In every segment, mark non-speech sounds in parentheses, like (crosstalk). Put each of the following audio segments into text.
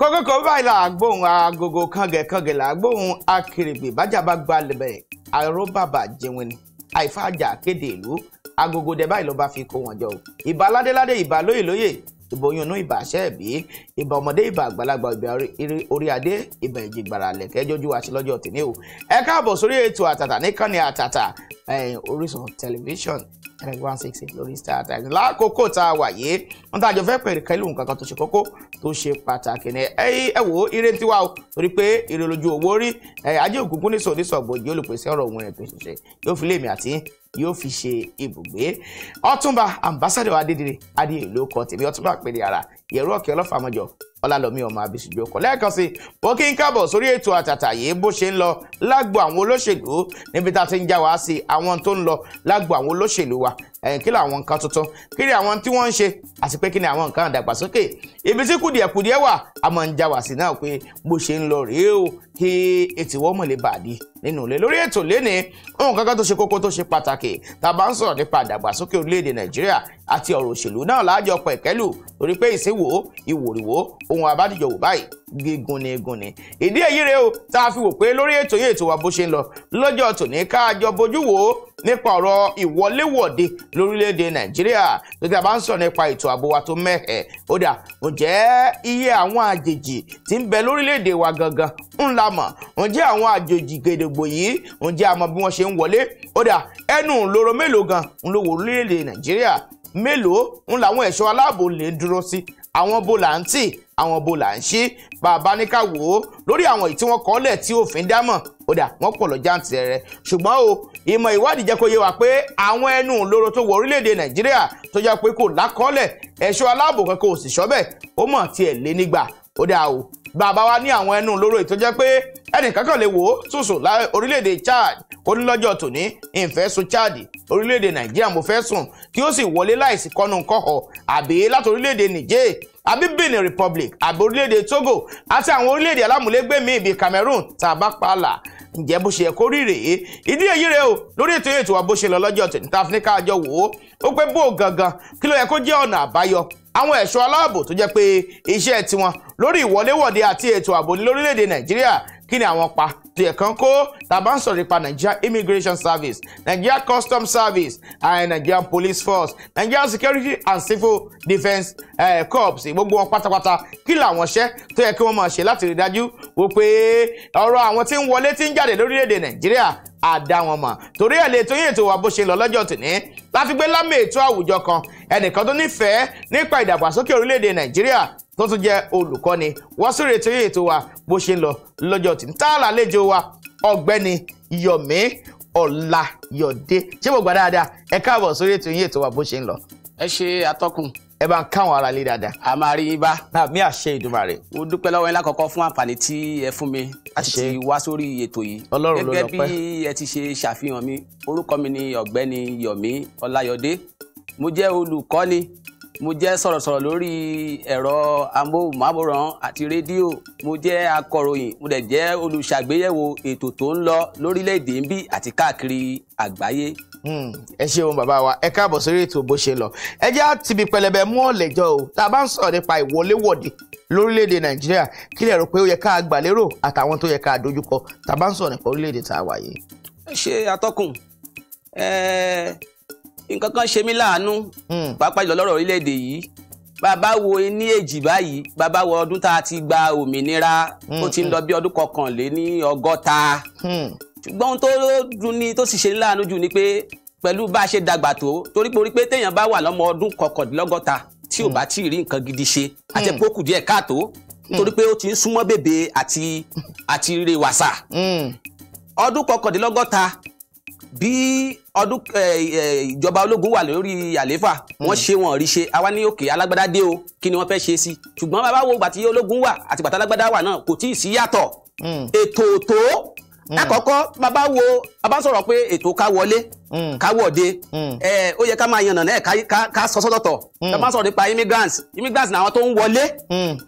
kókókó báyìí là ń agogo kàngẹ̀kàngẹ̀ là ń gbóhùn akèrègbè bájàbá gbalẹ̀ àròbàbà jẹun ni àìfàjà kéde ìlú agogo dẹ báyìí ló bá fi kó wọn jọ ìbà ládéládé ìbà lóyèlóyè ìbò oyún inú ìbà àṣẹ́ẹ̀bí ìbà ọmọdé ìbà àgbàlagbà ìbà orí adé ìbà ìjìgbàrà lẹ̀kẹ́ jójú wa sí lọ́jọ́ tèmi o ẹ káàbọ̀ sórí ètò àtàtà níkànnì àtàtà Orísun tẹlifíṣọ̀n ẹ̀rẹ́gbẹ́ one six eight lórí star times lákòókò tá a wà yìí wọn tá a jọ fẹ́ pẹ̀lú kẹ́lù nǹkan kan tó ṣe kókó tó ṣe pàtàkì ni ẹ̀yin ẹ wò ó ire ń tiwa o torí pé ire lójú owó rí ajé òkùnkùn ní sòdí sọ̀gbọ̀n jẹ́ olùpèsè ọ̀rọ̀ òun rẹ̀ tó yóò fi lé mi àti yóò fi ṣe ibùgbé ọ̀túnba ambassadọ adédire adéyẹ ló kọ tèmi ọ̀túnba àpèrè ara yẹrù ọkẹ ọlọfàmọjọ ọlálọmí ọmọ abisujú ọkọ lẹ́ẹ̀kan sí bó kí n káàbọ̀ sórí ètò àtàtà yìí bó ṣe ń lọ lágbo àwọn olóṣèlú níbi tá a ti ń já wa sí àwọn tó ń lọ lágbo àwọn olóṣèlú wa kí ni àwọn nǹkan tuntun kí ni àwọn tí wọ́n ń ṣe àti pé kí ni àwọn nǹkan àdàgbàsókè ibi tí kùdìẹ̀kùdìẹ̀ wà a máa ń já wà sí náà pé bó ṣe ń lọ rèé o kí ètò wọ́n mọ̀ lè bàdí nínú ilé lórí ètò léni ohun kankan tó ṣe kókó tó ṣe pàtàkì tá a bá ń sọ̀rọ̀ nípa àdàgbàsókè orílẹ̀-èdè nàìjíríà àti ọ̀rọ̀ òṣèlú náà láàjọ pọ̀ ìkẹ́lù torí pé ìṣèwò ìwòrìwò ohun àbádìjọ wò báyìí gígun ni egun ni ìdí èyí rèé o tá a fi wò pé lórí ètò yìí ètò wa bó ṣe ń lọ lọ́jọ́ tòní káàjọ bojú wò nípa ọ̀rọ̀ ìwọléwọ̀de lórílẹ̀‐èdè nàìjíríà tó ti a bá ń sọ̀rọ̀ nípa ètò ààbò wa tó mẹ́hẹ̀ ó dà ǹjẹ́ iye àwọn àjèjì tí ń bẹ lórílẹ̀‐èdè wa gangan ń la mọ̀ ǹjẹ́ àwọn àjèjì gèdègbò yìí ǹjẹ́ a mọ̀ bí wọ́n ṣe ń wọlé ó dà ẹnu lóró mélòó gan ń lò wò lórílẹ̀‐èdè nàìjíríà mélòó ń làwọn ẹ̀ṣọ́ aláàbò lè dúró sí àwọn bo là ń tì àwọn bo là ń ṣí bàbá ní ká wò ó lórí àwọn ìtí wọn kọ́lẹ̀ tí òfin dámọ̀ ó dà wọ́n pọ̀ lọ jàǹtìrẹrẹ ṣùgbọ́n o ìmọ̀ ìwádìí jẹ́ kó yé wa pé àwọn ẹnu lóró tó wọ orílẹ̀-èdè nàìjíríà tó jẹ́ pé kò lákọ́lẹ̀ ẹ̀ṣọ́ aláàbò kankan ò sì ṣọ́bẹ̀ ó mọ̀ tiẹ̀ lé nígbà ó dà o bàbá wa ní àwọn ẹnu lóró ètò jẹ́ pé ẹnìkan kan lè wò ó Chad ó ní lọ́jọ́ tòní ìfẹ́ sun Chad orílẹ̀-èdè Nàìjíríà mo fẹ́ sùn kí ó sì wọlé láìsí kọ́nu kọ́họ̀ àbí láti Niger àbí Benin Republic àbí orílẹ̀-èdè Togo àti àwọn orílẹ̀-èdè alámúlégbé míì bíi Cameroon tàbá pààlà ǹjẹ́ bó ṣe yẹ kó rí rèé o lórí ètò ètò wa bó ṣe lọ lọ́jọ́ tòní gangan kí ló yẹ kó jẹ́ àwọn ẹ̀ṣọ́ aláàbò tó jẹ́ pé iṣẹ́ tiwọn lórí ìwọléwọ̀de àti ètò ààbò ní lórílẹ̀‐èdè nàìjíríà kí ni àwọn pa tí ẹ̀kan kó tàbá ń sọ̀rọ̀ nípa nigeria immigration service nigeria customs service and nigeria police force nigeria security and civil defence uh, corps gbogbo wọn pátápátá kí làwọn iṣẹ́ tó yẹ kí wọ́n máa ṣe láti rí dájú wípé ọ̀rọ̀ àwọn tí ń wọlé tí ń jáde lórílẹ̀‐èdè nàìjíríà àdá wọn mọ̀ torí ẹ̀ lè tó yín ètò wa bó ṣe lọ lọ́jọ́ tòní láti gbé lámì ètò àwùjọ kan ẹnìkan tó nífẹ̀ẹ́ nípa ìdàgbàsókè orílẹ̀-èdè nàìjíríà tó tún jẹ́ olùkọ́ni wọ́n sì retí ètò wa bó ṣe ń lọ lọ́jọ́ tí ń tá àlàlejò wa ọ̀gbẹ́ni yọ̀mí ọ̀làyọ̀dé ṣé mo gbà dáadáa ẹ káàbọ̀ sórí ètò yín ètò wa bó ṣe ń lọ. ẹ ṣe atọ́kùn ẹ bá ń káwọn ara lé dáadáa. a máa rí yín bá. àmì àṣẹ Ìdùmarè. mo dúpẹ́ lọ́wọ́ yín lákọ̀ọ́kọ́ fún àǹfààní tí ẹ fún mi. àṣẹ àti wá sórí ètò yìí. ọlọ́run ló lọ pẹ́. gẹ́gẹ́ bí ẹ ti ṣe ṣàfihàn mi orúkọ mi ni ọ̀gbẹ́ni Yọ̀mí Ọláyọdé mo jẹ́ olùkọ́ni mo jẹ́ sọ̀rọ̀sọ̀rọ̀ lórí ẹ̀rọ amóhùnmáwòrán àti rédíò mo jẹ́ akọ̀ròyìn mo dẹ̀ jẹ́ olùṣàgbéyẹ̀wò ètò tó ń lọ lórílẹ̀‐èdè ń bí àti káàkiri àgbáyé. Hmm, ẹ ṣeun bàbá wa ẹ káàbọ̀ sórí ètò bó ṣe lọ ẹ jẹ́ àtibí pẹlẹbẹ mú ọ̀lẹ́jọ́ o tá a bá ń sọ̀rọ̀ nípa ìwọléwọ̀de lórílẹ̀‐èdè nàìjíríà kí lè rò pé ó yẹ ká gbà àtàwọn tó yẹ ká dojúkọ tá a bá ń sọ̀rọ̀ nípa orílẹ̀‐èdè tá a wà yìí. ẹ ṣe atọ́kùn ẹ̀ẹ́ nǹkan kan ṣe mí láàánú hmm. pàápàá jùlọ lọ́rọ̀ orílẹ̀-èdè yìí bàbá wo ní èjì báyìí bàbá wo ọdún tá a ti gba òmìnira hmm, ó ti ń hmm. lọ bí ọdún kọkànléní ọgọ́ta ṣùgbọ́n ohun tó dùn ni tó sì ṣe ní láàánú jù ni pé pẹ̀lú bá a ṣe dàgbà tó torí pé orí pé téèyàn bá wà lọ́mọ ọdún kọkàndínlọ́gọ́ta tí ò bá tí ì rí nǹkan gidi ṣe àti pé ó kù díẹ̀ káàtó nítorí pé ó ti ń súnmọ́ bèbè àti àti rèwàsà ọdún kọkàndínlọ́gọ́ta bí ọdún eh, eh, ìjọba ológun wà lórí àléfà wọ́n hmm. ṣe wọn rí ṣe àwa ní òkè alágbádá dé o kí ni wọ́n fẹ́ ṣe sí ṣùgbọ́n bàbá wo gbàtí ológun wà àti gbàtí alágbádá wà náà kò tí ì sí yàtọ̀ hmm. ètò tó lákọ̀ọ́kọ́ hmm. bàbá wo bàbá sọ̀rọ̀ pé ètò ká wọlé ká wọ̀de eh, ó yẹ ká máa yànnà náà ká sọ sọ́dọ̀tọ̀ bàbá sọ̀rọ̀ nípa immigrants immigrants náà àwọn tó ń wọlé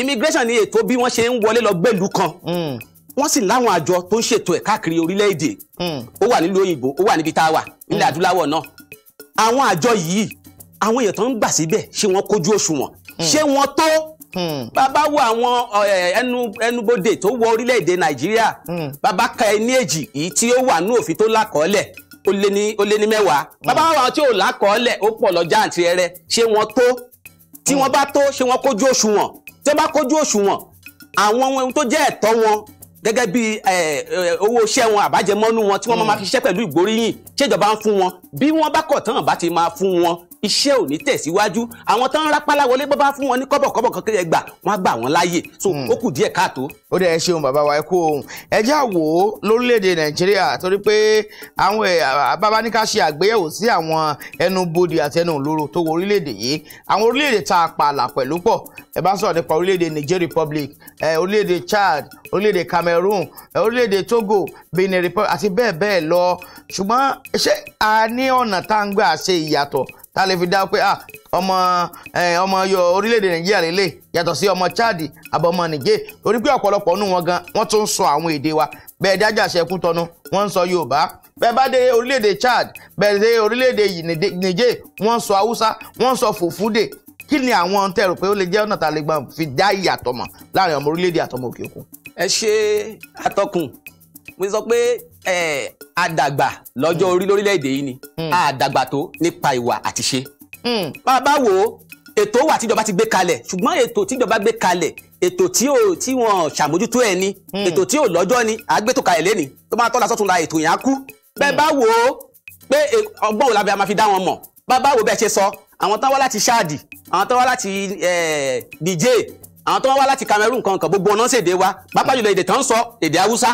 immigration ni ètò bí wọ́n ṣe ń wọlé lọ gbẹ̀lú kan wọ́n sì láwọn àjọ tó ń ṣètò ẹ̀ káàkiri orílẹ̀-èdè hmm. ó wà nílùú òyìnbó ó wà níbi tá a wà nílẹ̀ hmm. adúláwọ̀ náà àwọn àjọ yìí àwọn èèyàn tó ń gbà síbẹ̀ ṣé wọ́n kójú òṣùwọ̀n hmm. ṣé wọ́n tó bàbá wo àwọn eh, ẹnu ẹnubodè tó wọ orílẹ̀-èdè nàìjíríà bàbá ka ẹni èjì yìí tí ó wà ní òfin tó lákọọ́lẹ̀ ó lé ní ó lé ní mẹ́wàá bàbá wo àwọn tí ò lákọọ́lẹ̀ ó pọ̀ lọ jáǹtì rẹ ṣé wọ́n tó tí wọ́n bá tó ṣé wọ́n kójú òṣùwọ̀n tí wọ́n bá kójú òṣùwọ̀n àwọn ohun tó jẹ́ ẹ̀tọ́ wọn gẹ́gẹ́ bí owó iṣẹ́ wọn àbájẹmọ́nú wọn tí wọ́n máa hmm. fi ṣiṣẹ́ pẹ̀lú ìgbóríyìn ṣèjọba ń fún wọn bí wọ́n bá kọ̀ tán bá ti máa fún wọn iṣẹ́ ò ní tẹ̀síwájú àwọn tán rápálá wọlé bọ́ bá fún wọn ní kọ́bọ̀kọ́bọ̀ kan kéré gbà wọ́n á gbà wọ́n láàyè so hmm. ó kù díẹ̀ káàtó. ó dẹ̀ ẹ ṣeun bàbá wa ẹ kú ohun ẹ já wò ó lórílẹ̀‐èdè nàìjíríà torí pé àwọn bàbá ní ká ṣe àgbéyẹ̀wò sí àwọn ẹnubodè àti ẹnu olóró tó wọ orílẹ̀‐èdè yìí àwọn orílẹ̀‐èdè tá pààlà pẹ̀lú pọ̀ ẹ bá sọ̀rọ̀ nípa orílẹ̀-èdè Niger Republic eh, orílẹ̀-èdè Chad orílẹ̀-èdè Cameroon eh, orílẹ̀-èdè Togo Benin Republic àti bẹ́ẹ̀ bẹ́ẹ̀ lọ ṣùgbọ́n ṣé a ní ọ̀nà tá à ń gbà ṣe ìyàtọ̀ tá a lè fi dá pé ah ọmọ ọmọ yọ orílẹ̀-èdè nàìjíríà lélẹ̀ yàtọ̀ sí ọmọ chad àbọ̀ ọmọ nìjẹ́ torí pé ọ̀pọ̀lọpọ̀ nù wọn gan wọ́n tún ń sọ àwọn èdè wa bẹ́ẹ̀ dájà sẹ́kù tọ́nu wọ́n ń sọ yorùbá bẹ́ẹ̀ bá dé orílẹ̀-èdè chad bẹ́ẹ̀ dé orílẹ̀-èdè nìjẹ́ wọ́n ń sọ haúsá wọ́n ń sọ fòfúdè kí ni àwọn tẹ́ rò pé ó lè jẹ́ ọ̀nà tá a lè gbà fi dá ìyàtọ̀ mọ̀ láàrin ọmọ orílẹ̀-èdè àtọmọ òkè òkun. ẹ ṣe atọ́kùn mo sọ pé Eh, àdàgbà lọ́jọ́ hmm. orí lórílẹ̀‐èdè yìí ni àdàgbà hmm. tó nípa ìwà àti ṣe. Hmm. bàbá wo ètò wà tíjọba ti gbé kalẹ̀ ṣùgbọ́n ètò tíjọba gbé kalẹ̀ ètò tí ò tí wọn ṣàmójútó ẹ̀ ni ètò tí ò lọ́jọ́ ni àgbẹ̀tò kalẹ̀ lẹ́ni tó máa tọ́lá sọ́tún la ètò yẹn á kú. bẹ́ẹ̀ bá e, wo pé ọgbọ́n òlàbẹ̀ a máa fi dá wọn mọ̀ bàbá wo bẹ́ẹ̀ ṣe sọ àwọn tán wá láti ṣáàdì àwọn tán wá láti eh, Niger àwọn tán wá láti Cameroon kankan gbogbo ọ̀nà ṣèdè wa pápá jùlọ èdè tán ń sọ èdè Haúsá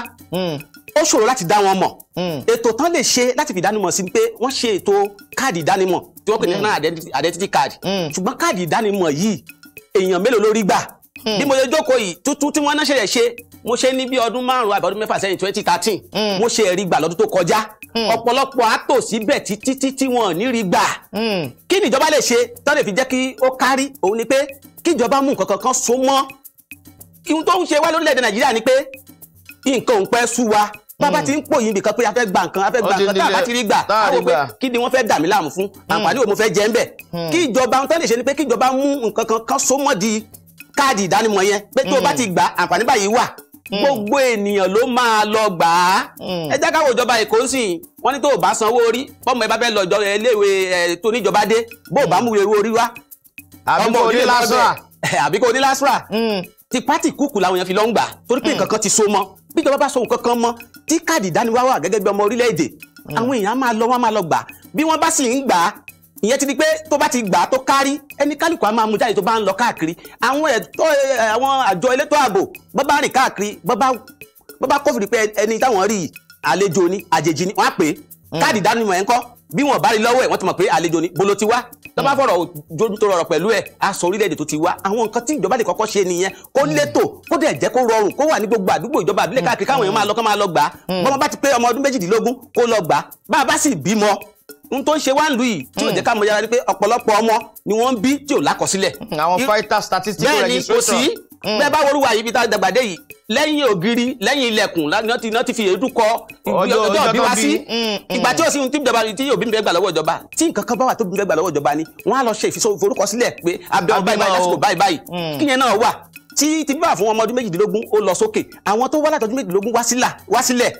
ó ṣòro láti dá wọn mọ̀ hmm. ètò tán lè ṣe láti fi ìdánimọ̀ sí pé wọ́n ṣe ètò káàdì ìdánimọ̀ tí wọ́n pè ní hmm. náà identity card hmm. ṣùgbọ́n káàdì ìdánimọ̀ yìí èèyàn mélòó ló rí gbà bí mo ṣe jókòó yìí tuntun tí wọ́n náà ṣe mo ṣe ní bí ọdún márùn-ún àbí ọdún mẹ́fà sẹ́yìn twenty thirteen mo ṣe ẹ̀rí gbà lọ́dún tó kọjá ọ̀pọ̀lọpọ̀ àtò síbẹ̀ títí tí wọn ò ní rí gbà kí nìjọba lè ṣe tán lè fi jẹ́ kí ó kárí òun ni pé kí ìjọba mú nǹkan kankan so mọ́ ihun tó ń ṣe wá lórílẹ̀‐èdè Nàìjíríà ni pé nǹkan òun pẹ́ sú wa bàbá hmm. ti ń pò yín nìkan pé a fẹ́ gba nǹkan a fẹ́ gba nǹkan tá a bá ti rí gbà á wò pé kí ni wọ́n fẹ́ dà mí láàmú fún hmm. àǹfààní wo mo fẹ́ jẹ́ ń bẹ̀ hmm. kí ìjọba ń tán lè ṣe ni pé kí ìjọba mú nǹkan kan kan so mọ́ di káàdì ìdánimọ̀ yẹn pé tó o bá ti gbà àǹfààní báyìí wà gbogbo ènìyàn ló máa lọ gbà á ẹ jẹ́ káwọ́ ìjọba èkó ń sìn wọ́n ní tó o bá sanwó orí bọ́mọ ẹ bá fẹ́ lọ jọ iléèwé ẹ tó níjọba o bá mú ewu orí wá. (laughs) làwọn èèyàn fi lọ ń gbà torí pé nǹkan kan ti so mọ́ bíjọba bá sọ nǹkan kan mọ́ tí káàdì ìdánimọ̀ wà gẹ́gẹ́ bí ọmọ orílẹ̀-èdè hmm. àwọn èèyàn máa lọ wọ́n máa lọ gbà bí wọ́n bá sì ń gbà ìyẹn ti di pé tó bá ti gbà á tó kárí ẹni kálukú á máa mú jáde tó bá ń lọ káàkiri àwọn ẹ̀tọ́ àwọn àjọ elétò ààbò bọ́ bá rìn káàkiri bọ́ bá kófìrí pé ẹni táwọn rí àlejò ni àjèjì ni wọ́n á pè é hmm. káàdì ìdánimọ̀ ẹ̀ kọ́ bí wọn bá rí lọ́wọ́ ẹ̀ wọ́n ti mọ̀ pé àlejò ni bolo ti wá tó bá fọ̀rọ̀ jojú tó rọrọ̀ pẹ̀lú ẹ̀ a sọ orílẹ̀-èdè tó ti wá àwọn nǹkan tí ìjọba lè kọ́kọ́ ṣe nìyẹn kó létò kó dẹ̀ jẹ́ kó rọrùn kó wà ní gbogbo àdúgbò ìjọba àbílẹ̀ mm. káàkiri káwọn èèyàn máa lọ kán máa lọ gbà á mm. bọ́mọ bá ti pé ọmọ ọdún méjìdínlógún kó lọ gbà á bá a bá sì bímọ n tó ń ṣe wá ń yìí tí ò mm. jẹ́ ká mọ̀ yára ni pé ọ̀pọ̀lọpọ̀ ọmọ ni wọ́n ń bí tí ò lákọsílẹ̀. àwọn fighter statistical registration bẹ́ẹ̀ ni kò sí bẹ́ẹ̀ bá wọlúwa yìí bí tá a dàgbà dé yìí lẹ́yìn ògiri lẹ́yìn ilẹ̀kùn náà ti fi èédú kọ ọjọ́ òbí wá sí mm, mm. ìgbà tí ó sì ń tí ìjọba tí òbí mi fẹ́ gbà lọ́wọ́ ìjọba tí nǹkan kan bá wà tó bí mi fẹ́ gbà lọ́wọ́ ìjọba ni wọ́n á lọ ṣe ìfisọ̀forúkọsílẹ̀ pé abẹ́ ọ̀bá ìbáyìí lásìkò báyìí báyìí mm. kíyẹn náà wà tí ti bá fún ọmọ ọdún méjìdínlógún ó lọ sókè àwọn tó wá látọdún méjìdínlógún wá sílẹ̀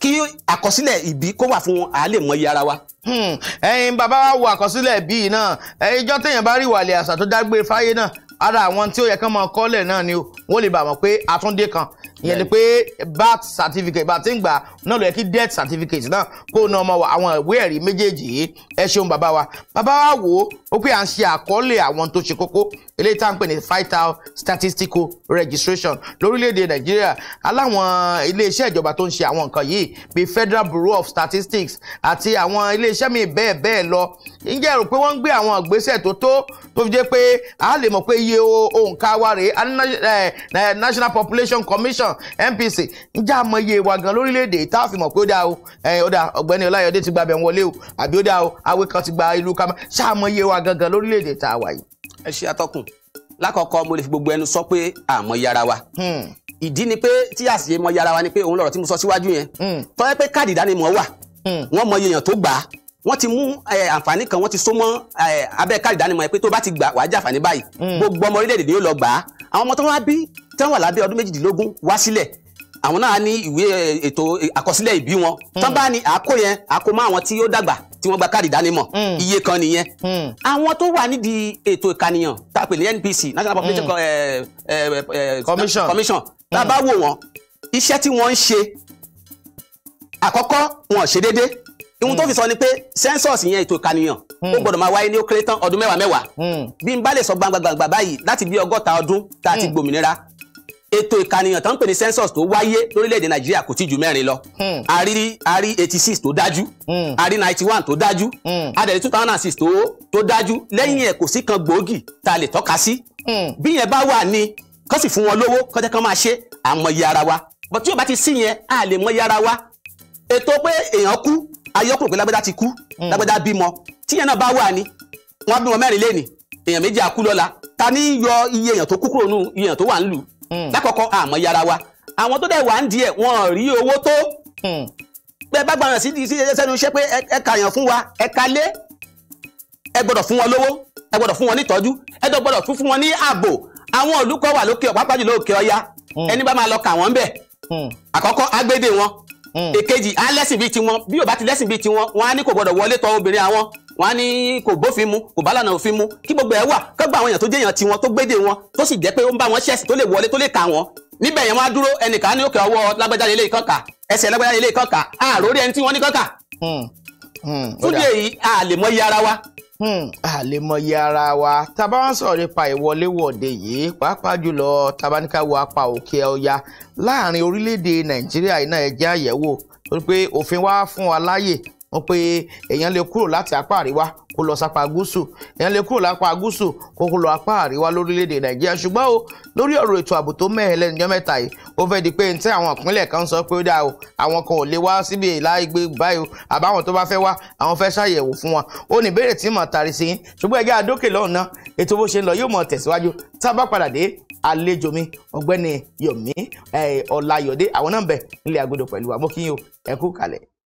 kí àkọsílẹ̀ ìbí kó wà fún wọn lè mọ iye ara wa. Hmm. ẹ̀yin bàbá wa wo àkọsílẹ̀ bíi náà ẹ̀yin jọ́ téèyàn bá rí ìwàlẹ̀ àṣà tó dágbére fáyé náà ara àwọn tí ó yẹ kán máa kọ́lẹ̀ náà ni wọ́n lè bà mọ̀ pé àtúndé kan ìyẹn ni pé birth certificate bá ti ń gbà náà ló yẹ kí death certificate náà kó na ọmọ wa àwọn ìwé ẹ̀rí méjèèjì yìí ẹ ṣeun bàbá wa bàbá wa wò ó ó pé à ń ṣe àkọọ́lẹ̀ àwọn tó ṣe kókó eléyìí tá à ń pè ní vital statistical registration lórílẹ̀‐èdè nàìjíríà aláwọn iléeṣẹ́ ìjọba tó ń ṣe àwọn nǹkan yìí bíi federal bureau of statistics àti àwọn iléeṣẹ́ míì bẹ́ẹ̀ bẹ́ẹ̀ lọ ǹjẹ́ rò pé wọ́n ń gbé àwọn ìgbésẹ̀ tó tó tó fi jẹ́ pé a lè mọ̀ pé iye òǹkà wa rèé national population commission gómìnà NPC ń já mọye wa gan lórílẹ̀‐èdè tá a fi mọ̀ pé ó dáa o ó dáa ọ̀gbẹ́ni Ọláyọ̀dé ti gba abẹ̀ wọlé o àbí ó dáa o awé kan ti gba ìlú kama ṣá mọye wa gangan lórílẹ̀ tá a wà yìí. ẹ ṣe atọ́kùn lákọ̀ọ́kọ́ mo lè fi gbogbo ẹnu sọ pé àmọ́ wa hmm. ìdí ni pé tí àṣìyẹ mọ yára wa ni pé òun lọ̀rọ̀ tí mo sọ síwájú yẹn hmm. tó yẹ pé káàdì ìdánimọ̀ wà hmm. wọ́n mọ iye èèyàn tó gbà á wọ́n ti mú àǹfààní kan wọ́n ti so mọ́ abẹ́ káàdì ìdánimọ̀ yẹn pé tó bá ti gbà wàá jàǹfààní báyìí gbogbo ọmọ orílẹ̀-èdè ni yóò lọ gbà á àwọn ọmọ tó wá bí tán wà lábẹ́ ọdún méjìdínlógún wá sílẹ̀ àwọn náà ní ìwé ètò àkọsílẹ̀ ìbí wọn hmm. tán bá ní àkó yẹn àkó mọ́ àwọn tí ó dàgbà tí wọ́n gba káàdì ìdánimọ̀ hmm. iye kan nìyẹn hmm. àwọn tó wà nídìí ètò ìkànìyàn tá a pè ní NPC National Population Commission tá a bá wò wọ́n iṣẹ́ tí wọ́n ń ṣe àkọ́kọ́ wọn ṣe déédé ohun tó fi sọ ni pé census yẹn ètò ìkànìyàn ó gbọ́dọ̀ máa wáyé ní ó kéré tán ọdún mẹ́wàá mẹ́wàá bí n bá lè sọ gbangbangba báyìí láti bí ọgọ́ta ọdún tá a ti gbòmìnira ètò ìkànìyàn tó ń pè ní census tó wáyé lórílẹ̀‐èdè nàìjíríà kò tí ju mẹ́rin lọ hmm. a rí a rí eighty six tó dájú hmm. a rí ninety one tó dájú hmm. a dẹ̀ rí two thousand and six tó dájú lẹ́yìn ẹ̀ kò sí kan gbòógì tá a lè tọ́ka sí bí yẹn bá wà ní kán sì fún wọn lówó kán jẹ́ kán máa ṣe àmọye ara wa bọ́n tí yóò bá ti sí yẹn a lè mọye ara wa ètò pé èèyàn kú ayọ́kùnrin pé lágbádá ti kú lágbádá bímọ tí yẹn náà bá wà ní wọ́n bímọ mẹ́rin lé èèyàn méjì á lọ́la ta ni yọ iye èèyàn tó kú kúrò nù iye èèyàn tó wà ń lù Hmm. lákọ̀ọ́kọ́ àmọ́ yára wa àwọn tó dẹ̀ wà ń di ẹ̀ wọ́n rí owó tó hmm. bẹ́ẹ̀ bá gbàràn sí sẹ́nu iṣẹ́ pé ẹ kàyàn fún wa ẹ kalé ẹ gbọ́dọ̀ fún wọn lówó ẹ gbọ́dọ̀ fún wọn ní ìtọ́jú ẹ dọ̀ gbọ́dọ̀ tún fún wọn ní ààbò àwọn olùkọ́ wà lókè ọ̀pá pàjùlọ òkè ọya hmm. ẹni bá máa lọ kà wọ́n bẹ̀ àkọ́kọ́ agbédè wọn èkejì á lẹ́sìn bíi tiwọn bí ò bá ti lẹ́sìn bíi tiwọn wọn á ní kò gbọ́dọ̀ wọlé tọ̀ obìnrin àwọn wọ́n á ní kò bófin mu kò bá lànà òfin mu kí gbogbo ẹ̀ wà kọ́gbà àwọn èèyàn tó jẹ́yàn tiwọn tó gbédè wọn tó sì jẹ́ pé ó ń bá wọn ṣẹ̀sì tó lè wọlé tó lè kà wọ́n níbẹ̀ yẹn wọ́n á dúró ẹnìkan ní òkè ọwọ́ lágbájá lélẹ́ ìkọ́kà e ẹsẹ̀ lágbájá lélẹ́ ìkọ́kà e àárò rí ẹni tí wọ́n ní kọ́kà. Hmm, hmm, fúdìí èyí a lè mọ iye ara wa hmm, a lè mọyì ara wa tá a bá wá sọ̀rọ̀ nípa ìwọléwọ̀de yìí pàápàá jùlọ tá a bá ní ká wo apá òkè ọya láàrin orílẹ̀-èdè nàìjíríà iná ẹ̀jẹ̀ àyẹ̀wò torí pé òfin wá fún wa láyè wọ́n pé èèyàn lè kúrò láti apá àríwá kó lọ sápá gúúsù èèyàn lè kúrò lápá gúúsù kó kó lọ apá àríwá lórílẹ̀ nàìjíríà ṣùgbọ́n o lórí ọ̀rọ̀ ètò ààbò tó mẹ́hẹ̀ lẹ́nu ọjọ́ mẹ́ta yìí ó fẹ́ di pé n tí àwọn ìpínlẹ̀ kan sọ pé ó dáa o àwọn kan ò lè wá síbi ìlàgbé báyìí o àbáwọn tó bá fẹ́ wá àwọn fẹ́ ṣàyẹ̀wò fún wọn ó ní ìbéèrè tí mà tari sí yín ṣùgbọ́n ẹgbẹ́ àdókè lọ́hùn náà ètò bó ṣe ń lọ yóò mọ̀ tẹ̀síwájú tá a bá padà dé àlejò mi ọ̀gbẹ́ni Yomi Ọláyọ̀dé àwọn náà ń bẹ nílé agodo pẹ̀lú wa mo kí yín o ẹ kú